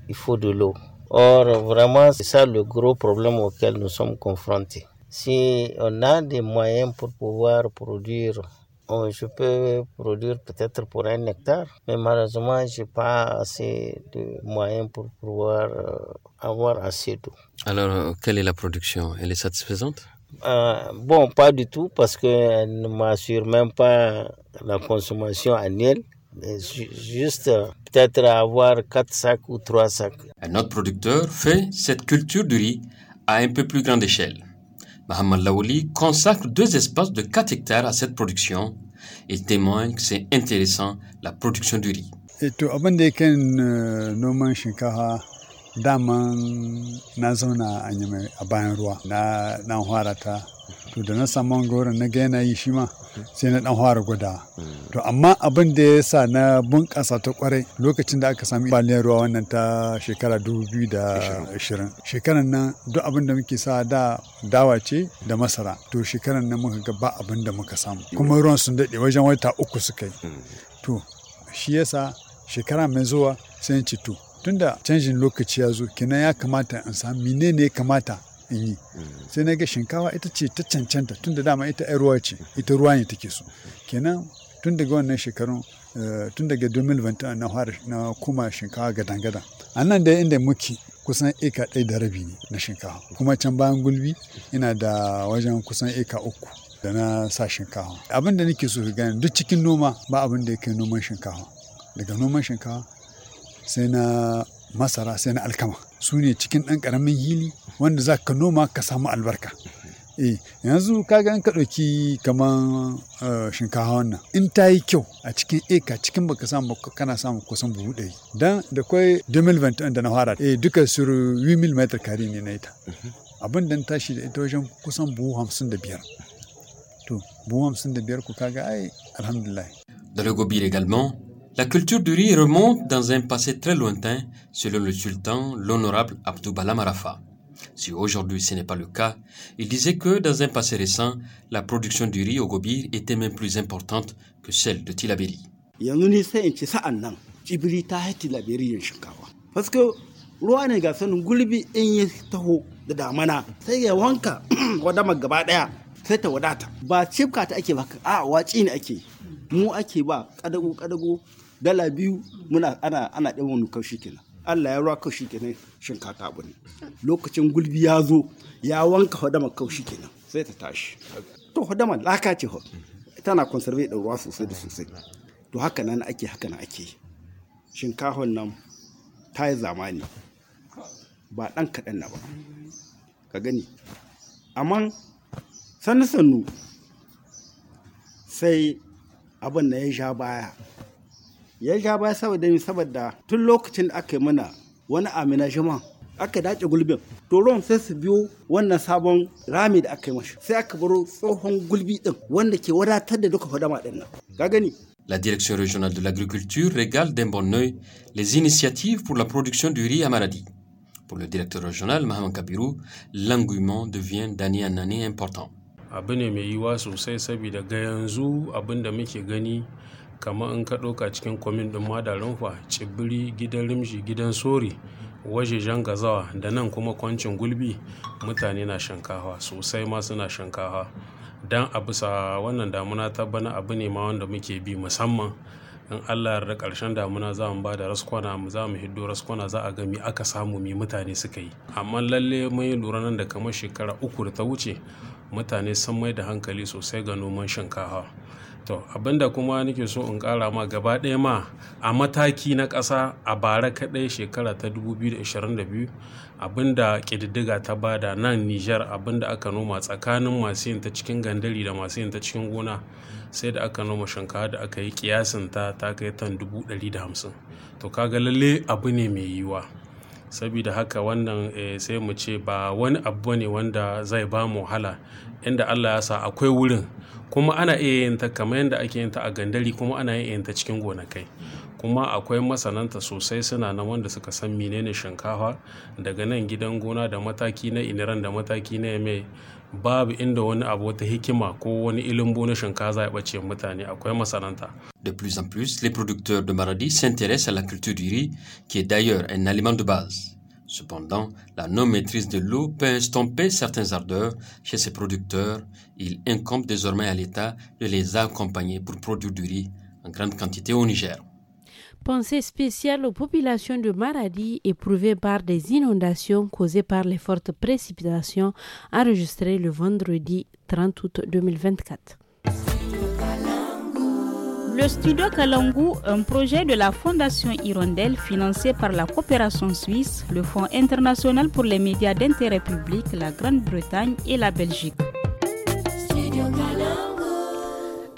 il faut de l'eau. Or, vraiment, c'est ça le gros problème auquel nous sommes confrontés. Si on a des moyens pour pouvoir produire je peux produire peut-être pour un hectare, mais malheureusement, je n'ai pas assez de moyens pour
pouvoir euh, avoir assez d'eau. Alors, euh, quelle est la production Elle est satisfaisante
euh, Bon, pas du tout, parce qu'elle ne m'assure même pas la consommation
annuelle. Juste peut-être avoir 4 sacs ou 3 sacs. Un autre producteur fait cette culture du riz à un peu plus grande échelle. Mohamed Laouli consacre deux espaces de 4 hectares à cette production et témoigne que c'est intéressant la production du riz.
to da na saman goron na ga yi shi ma sai na dan fara guda to amma abin da ya sa na bunƙasa ta kwarai lokacin da aka sami baliyar ruwa wannan ta shekara 2020 shekaran nan duk abin da muke sa da dawa ce da masara to shekaran nan muka ga ba abin da muka samu kuma ruwan sun daɗe wajen wata uku suka yi to shi yasa shekara mai zuwa sai ci to tunda canjin lokaci ya zo kina ya kamata in sami ne ya kamata in yi mm. sai na ga shinkawa ita ce ta cancanta tun da dama ita yar ruwa ce ita ruwa ne take so kenan tun daga wannan shekarun eh, tun daga 2020 na fara na kuma shinkawa gadan-gadan a nan da inda muke kusan eka ɗaya da rabi ne na shinkawa kuma can bayan gulbi ina da wajen kusan eka uku da na sa shinkawa abin da nake so gani duk cikin noma ba abin da ya kai noman shinkawa daga noman shinkawa sai na masara sai na alkama su ne cikin ɗan ƙaramin hili wanda za ka noma ka samu albarka eh yanzu kaga ga ka ɗauki kamar eh, shinkafa wannan in ta yi kyau a cikin eka cikin ka samu kana samu kusan buhu ɗari dan da kwai 2021 da na fara eh duka sur 8000 meter kare ne na ita abin da tashi da ita wajen kusan buhu 55 to buhu 55 ko kaga ai alhamdulillah Dans
le Gobir également, La culture du riz remonte dans un passé très lointain, selon le sultan, l'honorable Abdoubala Marafa. Si aujourd'hui ce n'est pas le cas, il disait que dans un passé récent, la production du riz au Gobir était même plus importante que celle de Tilaberi.
dala biyu muna ana ana ɗin wani kaushi kenan Allah ya ruwa kaushi kenan shinkafa abu ne lokacin gulbi ya zo ya wanka hodama kaushi kenan sai ta tashi to hodama laka ce ho tana conserve da ruwa sosai da sosai to haka nan ake haka nan ake shinkahon nan ta yi zamani ba ɗan kaɗan na ba ka gani amma sannu sannu sai abin da ya sha baya ya ja baya saboda mi saboda tun lokacin da aka yi mana wani amina jama'a aka dace gulbin to ruwan sai su biyo wannan sabon rami da aka yi mashi sai aka baro tsohon gulbi din wanda ke wadatar da duka fadama din nan ga gani
La direction régionale de l'agriculture régale d'un bon œil les initiatives pour la production du riz à Maradi. Pour le directeur régional Mohamed Kabirou, l'engouement devient d'année en année important.
Abene ne mai yiwa sosai sabida ga yanzu abin da muke gani kamar in ka ɗauka cikin kwamin ɗin rumfa cibiri Gidan rimshi Gidan Sori, wajejen Gazawa da nan kuma Kwancin Gulbi mutane na shinkafa sosai ma suna shinkafa. don a bisa wannan damuna ta bana abu ne ma wanda muke bi musamman in Allah da karshen damuna za mu ba da raskwana mu za mu hiddo raskwana za a gami aka samu mi mutane suka yi. Amma lalle mun yi lura nan da kamar shekara uku da ta wuce mutane sun mai da hankali sosai ga noman shinkafa. to abinda kuma nake so in kara ma gaba ɗaya ma a mataki na ƙasa a bara kaɗai shekara ta 2022 abinda ƙididdiga ta bada nan nijar abinda aka noma tsakanin masu yin ta cikin gandari da masu yin ta cikin gona sai da aka noma shinkafa da aka yi kiyasin ta ta kai tan 150 to kaga lalle abu ne mai yiwuwa saboda haka wannan eh, sai mu ce ba wani abu ne wanda zai ba mu wahala. Inda Allah ya sa akwai wurin kuma ana iya yin ta kamar yadda ake yin ta a gandari kuma ana iya yin ta cikin gonakai. Kuma akwai masananta sosai suna nan wanda suka san menene shinkafa daga nan gidan gona da mataki na iniran da mataki na yamai De
plus en plus, les producteurs de maradi s'intéressent à la culture du riz, qui est d'ailleurs un aliment de base. Cependant, la non-maîtrise de l'eau peut estomper certains ardeurs chez ces producteurs. Il incombe désormais à l'État de les accompagner pour produire du riz en grande quantité au Niger.
Pensée spéciale aux populations de Maradi éprouvées par des inondations causées par les fortes précipitations enregistrées le vendredi 30 août 2024. Le studio Kalangu, un projet de la Fondation Hirondelle financé par la coopération suisse, le Fonds international pour les médias d'intérêt public, la Grande-Bretagne et la Belgique.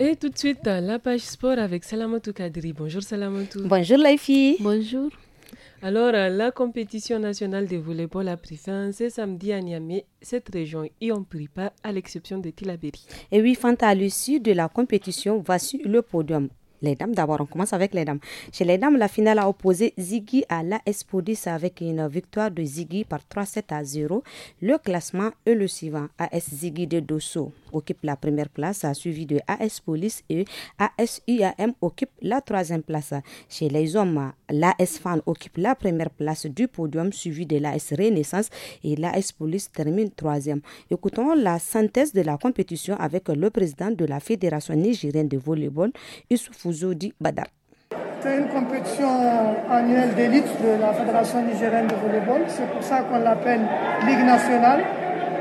Et tout de suite, la page sport avec Salamatou Kadri. Bonjour Salamatou. Bonjour
les filles. Bonjour.
Alors, euh, la compétition nationale de volleyball a pris fin ce samedi à Niamey. Cette région y ont pris pas à
l'exception de Tilaberi. Et oui, Fanta, à l'issue de la compétition, va sur le podium. Les dames, d'abord, on commence avec les dames. Chez les dames, la finale a opposé Ziggy à la Podis avec une victoire de Ziggy par 3-7 à 0. Le classement est le suivant AS Ziggy de Dosso occupe la première place, suivi de AS Police et ASUAM occupe la troisième place. Chez les hommes, l'AS Fan occupe la première place du podium, suivi de l'AS Renaissance et l'AS Police termine troisième. Écoutons la synthèse de la compétition avec le président de la Fédération nigérienne de volleyball, Issoufouzo Di Badar.
C'est une compétition annuelle d'élite de la Fédération nigérienne de volleyball. C'est pour ça qu'on l'appelle Ligue nationale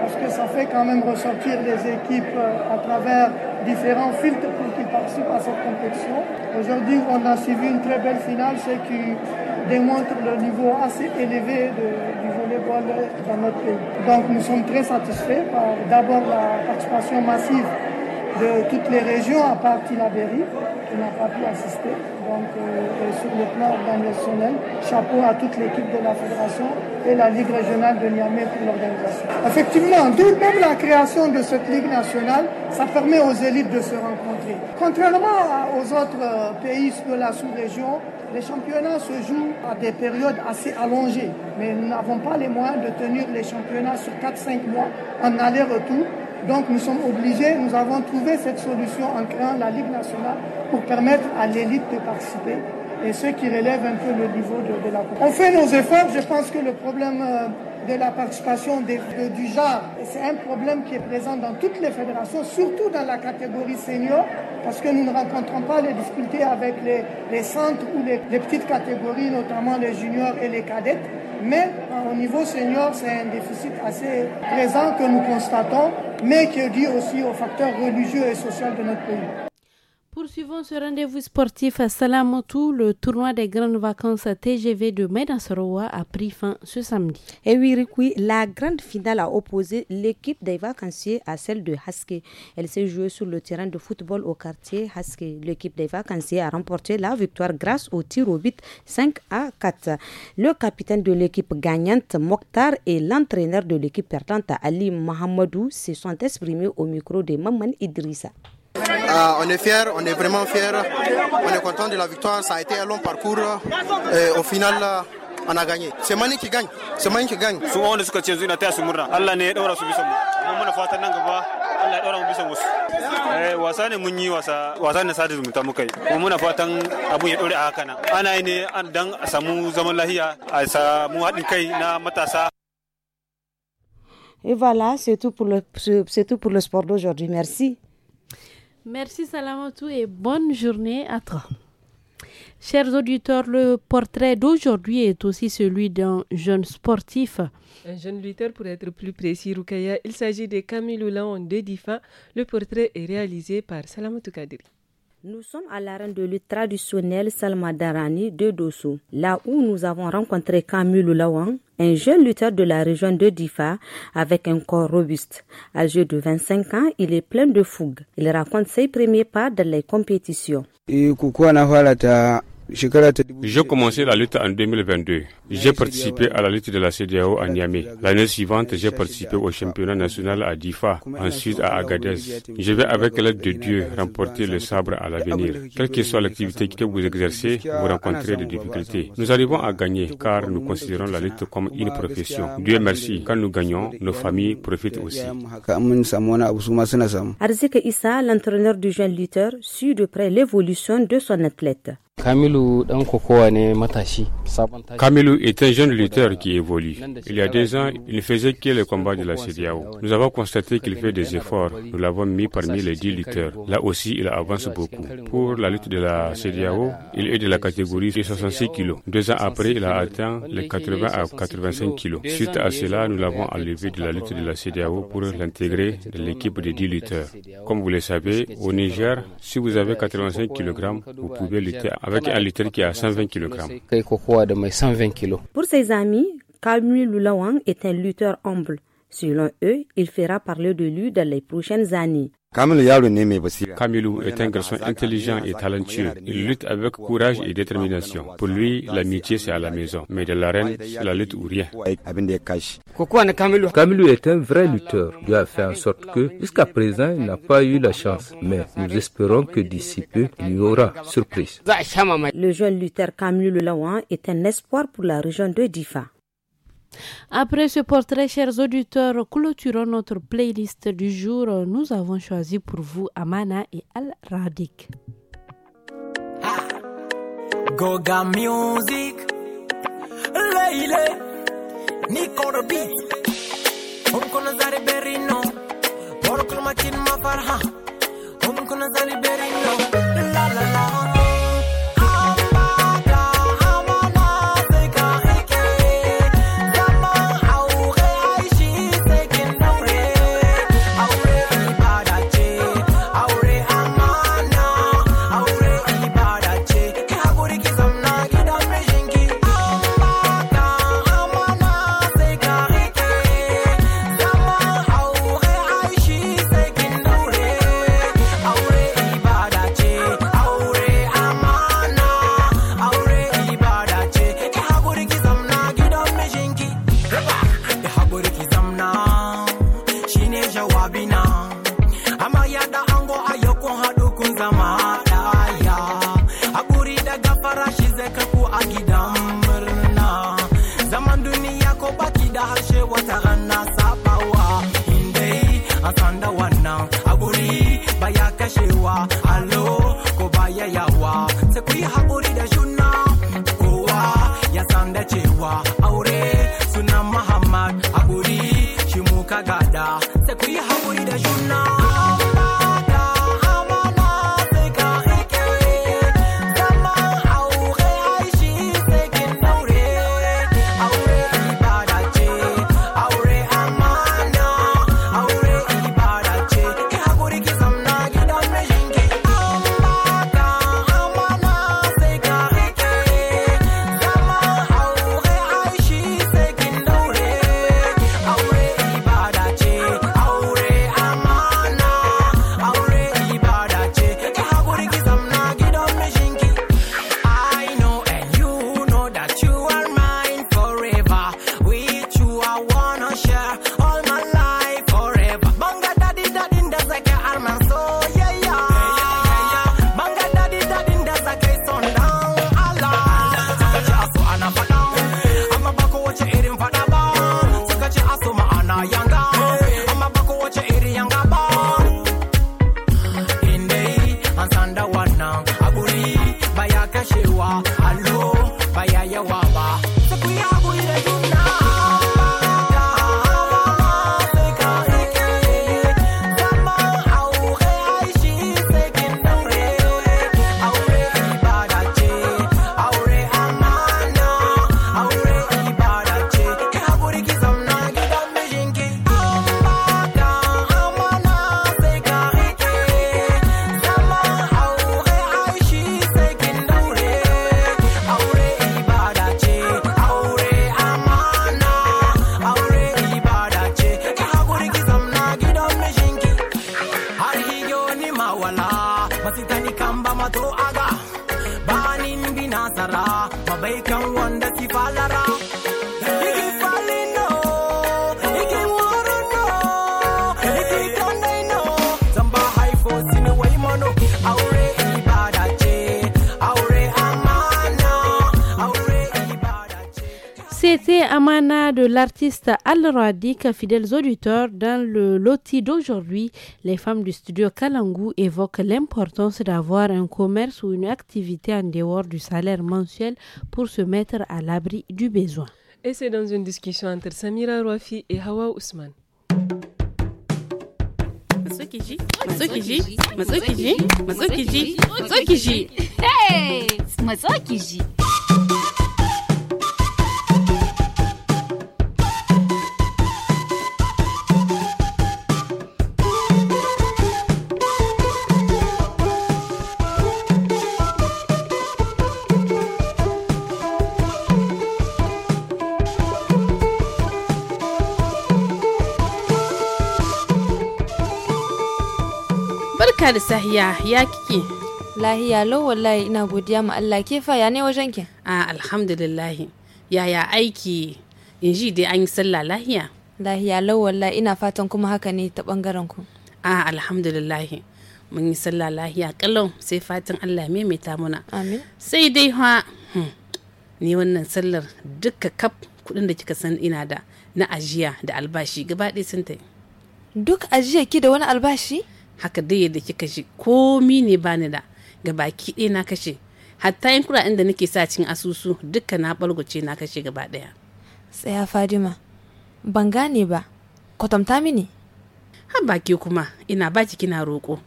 parce que ça fait quand même ressortir les équipes euh, à travers différents filtres pour qu'ils participent à cette compétition. Aujourd'hui, on a suivi une très belle finale, ce qui démontre le niveau assez élevé du du volleyball dans notre pays. Donc nous sommes très satisfaits par d'abord la participation massive de toutes les régions, à part Tilaberi, qui n'a pas pu assister donc, euh, euh, sur le plan organisationnel. Chapeau à toute l'équipe de la fédération et la Ligue régionale de Niamey pour l'organisation. Effectivement, d'où même la création de cette Ligue nationale, ça permet aux élites de se rencontrer. Contrairement aux autres euh, pays de la sous-région, les championnats se jouent à des périodes assez allongées, mais nous n'avons pas les moyens de tenir les championnats sur 4-5 mois en aller-retour. Donc nous sommes obligés, nous avons trouvé cette solution en créant la Ligue nationale pour permettre à l'élite de participer et ce qui relève un peu le niveau de, la la On fait nos efforts, je pense que le problème euh, de la participation du genre, c'est un problème qui est présent dans toutes les fédérations, surtout dans la catégorie senior, parce que nous ne rencontrons pas les difficultés avec les, centres ou les, petites catégories, notamment les juniors et les cadettes. Mais euh, au niveau senior, c'est un déficit assez présent que nous constatons, mais qui est dû aussi aux facteurs religieux et sociaux de notre pays.
Poursuivons ce rendez-vous sportif à Salamotou. Le tournoi des grandes vacances TGV de Medansoroa a pris fin
ce samedi. Et eh oui, la grande finale a opposé l'équipe des vacanciers à celle de Haske. Elle s'est jouée sur le terrain de football au quartier Haske. L'équipe des vacanciers a remporté la victoire grâce au tir au but 5 à 4. Le capitaine de l'équipe gagnante, Mokhtar, et l'entraîneur de l'équipe perdante, Ali Mahamadou, se sont exprimés au micro de Maman Idrissa.
Ah, on est fier, on est vraiment fier. On est content de la victoire. Ça a été un long parcours. au final, on a gagné. C'est Mani qui gagne.
C'est Mani qui gagne.
Et voilà, c'est tout pour le, c'est tout pour le sport d'aujourd'hui. Merci.
Merci Salamatou et bonne journée à toi. Chers auditeurs, le portrait d'aujourd'hui est aussi celui d'un jeune sportif.
Un jeune lutteur, pour être plus précis, Rukaya. Il s'agit de Camille en de Difa. Le portrait est réalisé par Salamatou Kadri.
Nous sommes à l'arène de lutte traditionnelle Salmadarani de Dosso, là où nous avons rencontré Kamil Lawan, un jeune lutteur de la région de Difa avec un corps robuste. Âgé de 25 ans, il est plein de fougue. Il raconte ses premiers pas dans les compétitions.
J'ai
commencé la lutte en 2022. J'ai participé à la lutte de la CDAO à Niamey. L'année suivante, j'ai participé au championnat national à Difa, ensuite à Agadez. Je vais avec l'aide de Dieu remporter le sabre à l'avenir. Quelle que soit l'activité que vous exercez, vous rencontrez des difficultés. Nous arrivons à gagner car nous considérons la lutte comme une profession. Dieu merci, quand nous gagnons, nos familles profitent aussi.
Arzika Issa, l'entraîneur du jeune lutteur, suit de près l'évolution de son athlète.
Kamilou
est un jeune lutteur qui évolue. Il y a deux ans, il ne faisait que le combat de la CDAO. Nous avons constaté qu'il fait des efforts. Nous l'avons mis parmi les dix lutteurs. Là aussi, il avance beaucoup. Pour la lutte de la CDAO, il est de la catégorie de 66 kilos. Deux ans après, il a atteint les 80 à 85 kilos. Suite à cela, nous l'avons enlevé de la lutte de la CDAO pour l'intégrer dans l'équipe des 10 lutteurs. Comme vous le savez, au Niger, si vous avez 85 kg, vous pouvez lutter à avec un lutteur qui a 120 kg.
Pour ses amis, Kamui Lulawang est un lutteur humble. Selon eux, il fera parler de lui dans les prochaines années.
Kamilou est un garçon intelligent et talentueux. Il lutte avec courage et détermination. Pour lui, l'amitié c'est à la maison, mais de l'arène, c'est la lutte ou rien. Kamilou est un vrai lutteur. Il a fait en sorte que, jusqu'à présent, il n'a pas eu la chance. Mais nous espérons que d'ici peu, il y aura surprise.
Le jeune lutteur Kamilou Lawan est un espoir pour la région de Difa. Après ce portrait, chers auditeurs, clôturons notre playlist du jour.
Nous avons choisi pour vous Amana et Al-Radik.
Ah. Music,
l'artiste al fidèles auditeurs, dans le loti d'aujourd'hui, les femmes du studio Kalangu évoquent l'importance d'avoir un commerce ou une activité en dehors du salaire mensuel pour se mettre à l'abri du besoin.
Et c'est dans une discussion entre Samira Rouafi et Hawa Ousmane.
Matsukiji, Matsukiji, Matsukiji, Matsukiji, Matsukiji. Hey! Matsukiji!
barka da sahiya ya kike lahiya lau wallahi ina godiya ma Allah ke fa ya ne wajen ki a alhamdulillah yaya aiki in ji dai an yi sallah lahiya lahiya lau wallahi ina fatan kuma haka ne ta bangaren ku a
alhamdulillah mun yi sallah lahiya kallon sai fatan Allah maimaita muna amin sai dai ha hmm, ni wannan sallar duka kaf kudin da kika san ina da na ajiya da albashi gaba ɗaya sun tai duk ajiya ki da wani albashi haka dai yadda kika kashe komi ne bani da ga baki ɗaya na kashe hatta yin kuɗaɗen da nake sa cikin asusu duka na ɓalgwace na kashe gaba ɗaya.
tsaya fadima ban gane ba kwatamta mini ha baki kuma ina baki kina roƙo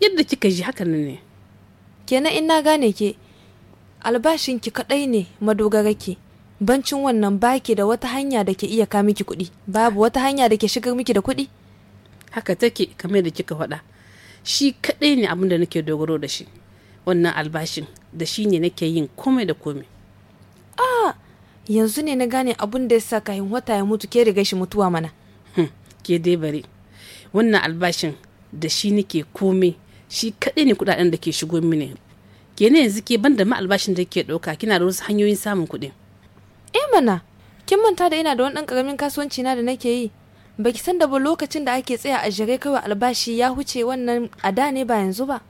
yadda kika ji haka ne kenan in gane ke albashin ki kaɗai ne madogara ke bancin wannan baki da wata hanya da ke iya ka miki kuɗi babu wata hanya da ke shigar miki da kuɗi haka take kamar da
kika faɗa shi kaɗai ne abin da nake dogaro da shi wannan albashin da shi ne nake yin komai da komai
ah yanzu ne na gane abin da yasa kayan wata ya mutu ke riga shi mutuwa mana hmm, ke dai bare wannan albashin
da shi nake komai shi kaɗai ne kuɗaɗen da ke shigo mini ke ne yanzu ke banda ma albashin da ke ɗauka kina da wasu hanyoyin samun kuɗi
eh mana kin manta da ina da wani ɗan ƙaramin kasuwanci na da nake yi baki san da ba lokacin da ake tsaya a jere kawai albashi ya huce wannan a da ne ba yanzu ba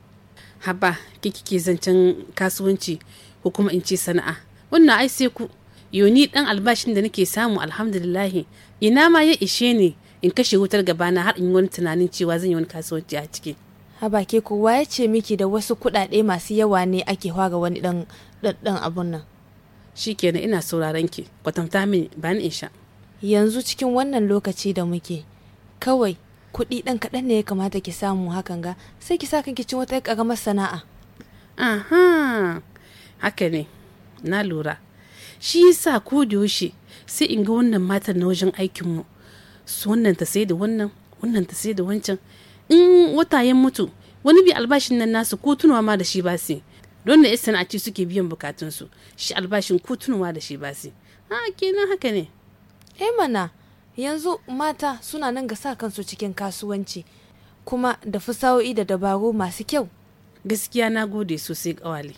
haba kiki ke zancen kasuwanci ko kuma in ce sana'a wannan ai sai ku yoni dan albashin da nake samu alhamdulillah ina ma ya ishe ne in kashe wutar gabana har in yi wani tunanin cewa zan yi wani kasuwanci a ciki haba
ke kowa ya ce miki da wasu kuɗaɗe masu yawa ne ake hwaga wani dan dan abun nan
shikenan ina sauraron ki kwatanta mini bani in sha
yanzu cikin wannan lokaci da muke kawai kuɗi ɗan kaɗan ne ya kamata ki samu hakan ga sai ki sa ki cin wata ƙaramar sana'a aha
haka ne na lura shi yasa ko da yaushe sai in ga wannan matan na wajen aikinmu su wannan ta sai da wannan wannan ta sai da wancan in wata ya mutu wani bi albashin nan nasu ko tunawa ma da shi ba su don na yan ce
suke biyan bukatunsu shi albashin ko tunawa da shi ba su ha ah, kenan haka ne eh mana yanzu mata suna nan ga sa kansu cikin kasuwanci kuma da fusawo'i da dabaru masu kyau
gaskiya na gode sosai kawali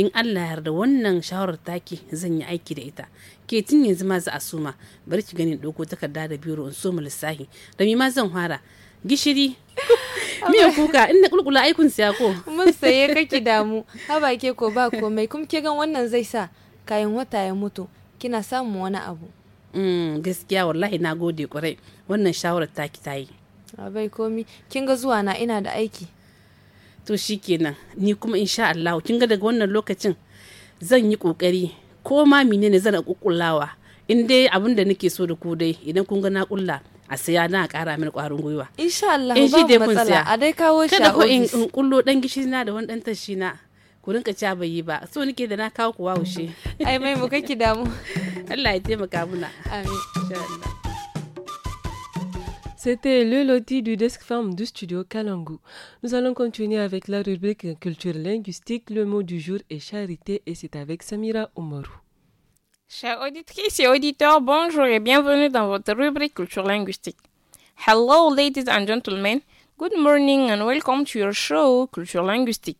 in allah yarda wannan shawarar taki zan yi aiki da ita ke tun yanzu ma za a suma bari ki ganin doko takarda da biro in soma lissafi da ma zan fara gishiri miya kuka inda kulkula aikun siya ko
mun saye kake damu haba ke ko ba komai kuma ke gan wannan zai sa kayan wata ya mutu kina samun wani abu
Mm, gaskiya wallahi na gode kwarai wannan shawarar taki ta yi
bai komi kin ga zuwa na ina da aiki
to shikenan ni kuma insha Allah kin ga daga wannan lokacin zan yi kokari ko ma menene zan kukullawa in dai abin da nake so da ku dai idan kun ga na kulla a saya na kara min kwarin gwiwa insha Allah eh, ba matsala a dai kawo shi a kada ko in kullo dan gishi na da wani dan tashi na ku so da na kawo ai mai mu Allah ya taimaka muna amin insha Allah C'était
le loti du desk femme du studio Kalangu. Nous allons continuer avec la rubrique culture linguistique. Le mot du jour est
charité et c'est avec Samira Oumarou. Chers auditrices et auditeurs, bonjour et bienvenue dans votre rubrique culture linguistique. Hello ladies and gentlemen, good morning and welcome to your show culture linguistique.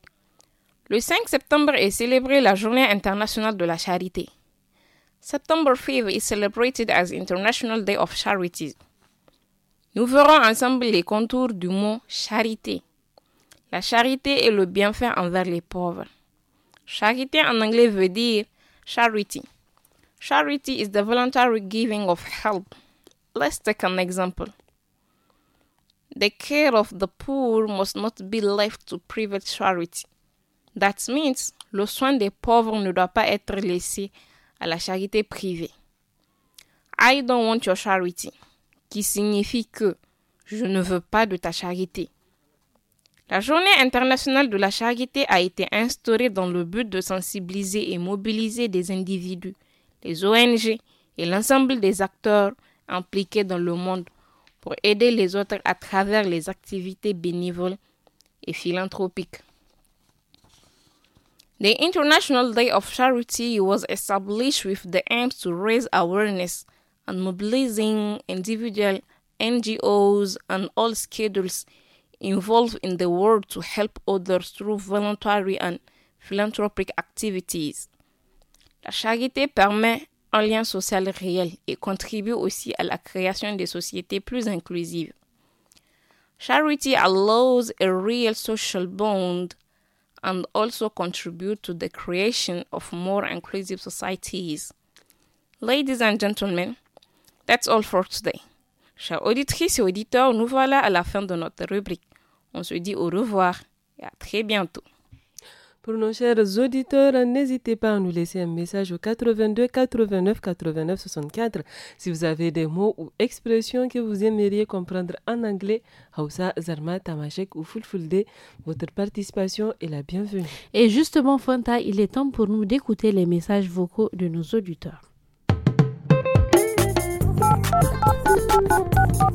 Le 5 septembre est célébré la Journée internationale de la charité. September 5 is celebrated as International Day of Charities. Nous verrons ensemble les contours du mot charité. La charité est le bienfait envers les pauvres. Charité en anglais veut dire charity. Charity is the voluntary giving of help. Let's take an example. The care of the poor must not be left to private charity. That means, le soin des pauvres ne doit pas être laissé à la charité privée. I don't want your charity, qui signifie que je ne veux pas de ta charité. La journée internationale de la charité a été instaurée dans le but de sensibiliser et mobiliser des individus, des ONG et l'ensemble des acteurs impliqués dans le monde pour aider les autres à travers les activités bénévoles et philanthropiques. The International Day of Charity was established with the aim to raise awareness and mobilizing individual NGOs and all schedules involved in the world to help others through voluntary and philanthropic activities. La charité permet un lien social réel et contribue aussi à la création de sociétés plus inclusives. Charity allows a real social bond and also contribute to the creation of more inclusive societies. Ladies and gentlemen, that's all for today. Chers auditrices et auditeurs, nous voilà à la fin de notre rubrique. On se dit au revoir et à très bientôt. Pour nos chers auditeurs,
n'hésitez pas à nous laisser un message au 82 89 89 64 si vous avez des mots ou expressions que vous aimeriez comprendre en anglais, Hausa, Zarma, Tamashek ou Fulfulde. Votre participation est la bienvenue.
Et justement, Fanta, il est temps pour nous d'écouter les messages vocaux de nos auditeurs.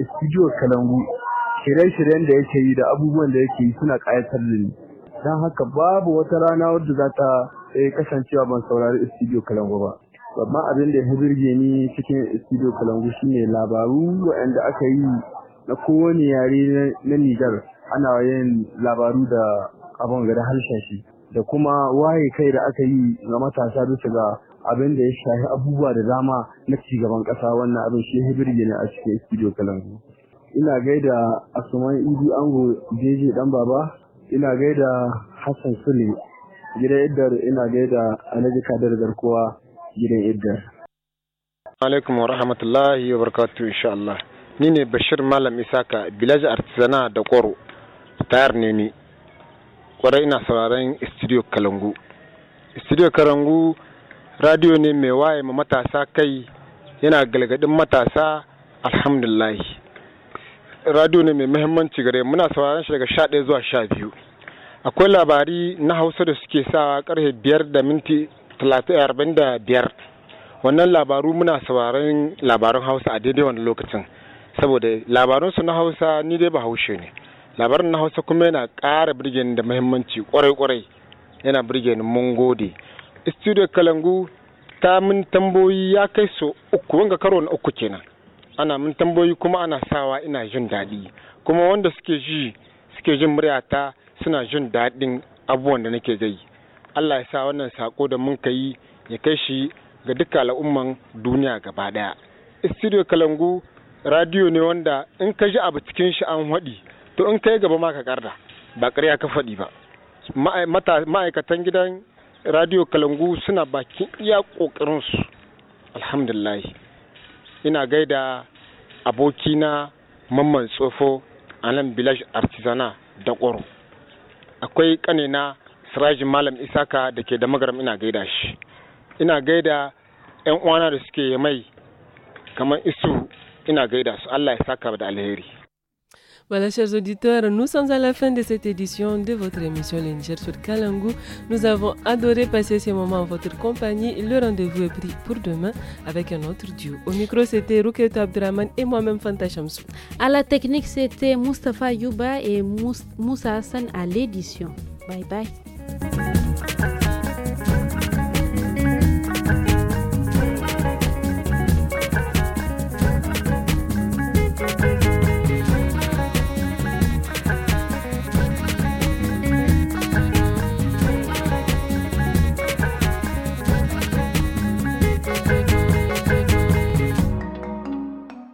studio kalangu shirye-shiryen da yake yi da abubuwan da yake yi suna ƙayatar da ni don haka babu wata rana wadda za ta eh, kasancewa ban saurari studio kalangu ba babban abin da ya birge ni cikin studio kalangu shine labaru waɗanda aka yi na kowane yare na nijar ana yin labaru da abin gada harshen shi da kuma waye kai da aka yi ga matasa bisa ga abin da ya shahi abubuwa da dama na cigaban ƙasa wannan abin shi ya birge ne a cikin studio kalangu ina gaida asuman idi ango jeje dan baba ina gaida hassan sule gidan iddar ina gaida
alhaji kadar garkuwa gidan iddar alaikum wa rahmatullahi wa barakatuh insha Allah ni ne bashir malam isaka bilaji artisana da kwaro tayar ne ni kwarai ina sauraron studio kalangu studio kalangu radiyo ne mai waye ma matasa kai yana galgadin matasa alhamdulillahi radiyo ne mai muhimmanci gare muna sauraron shi daga sha zuwa sha biyu akwai labari na hausa da suke sawa karfe biyar da minti arba'in da biyar wannan labaru muna sauraron labarun hausa a daidai wani lokacin saboda labarunsu na hausa ni dai ba haushe ne labarin na hausa kuma yana ƙara birgeni da muhimmanci kwarai-kwarai yana birgen mun gode studio kalangu ta min tamboyi ya kai so uku wanga karo na uku kenan ana min tamboyi kuma ana sawa ina jin daɗi kuma wanda suke ji suke jin muryata suna jin daɗin abubuwan da nake gai allah ya sa wannan sako da mun kai ya kai shi ga duka al'umman duniya gaba ɗaya studio kalangu radio ne wanda in ka ji abu cikin shi an haɗi to in kai gaba ma ka karda ba ƙarya ka faɗi ba ma'aikatan gidan radio kalangu suna bakin iya ƙoƙarinsu alhamdulillahi ina gaida abokina mamman tsofo a bilash village artisana da ƙoro akwai kanina sirajin malam isaka da ke da magaram ina gaida shi ina gaida 'yan uwana da suke mai kamar isu ina gaida su allah ya saka da alheri
Voilà, chers auditeurs, nous sommes à la fin de cette édition de votre émission Linger sur Kalangu. Nous avons adoré passer ces moments en votre compagnie. Le rendez-vous est pris pour demain avec un autre duo. Au micro, c'était Ruketo
Abdraman et moi-même Fanta Chamsou. À la technique, c'était Mustafa Yuba et Moussa Hassan à l'édition. Bye bye.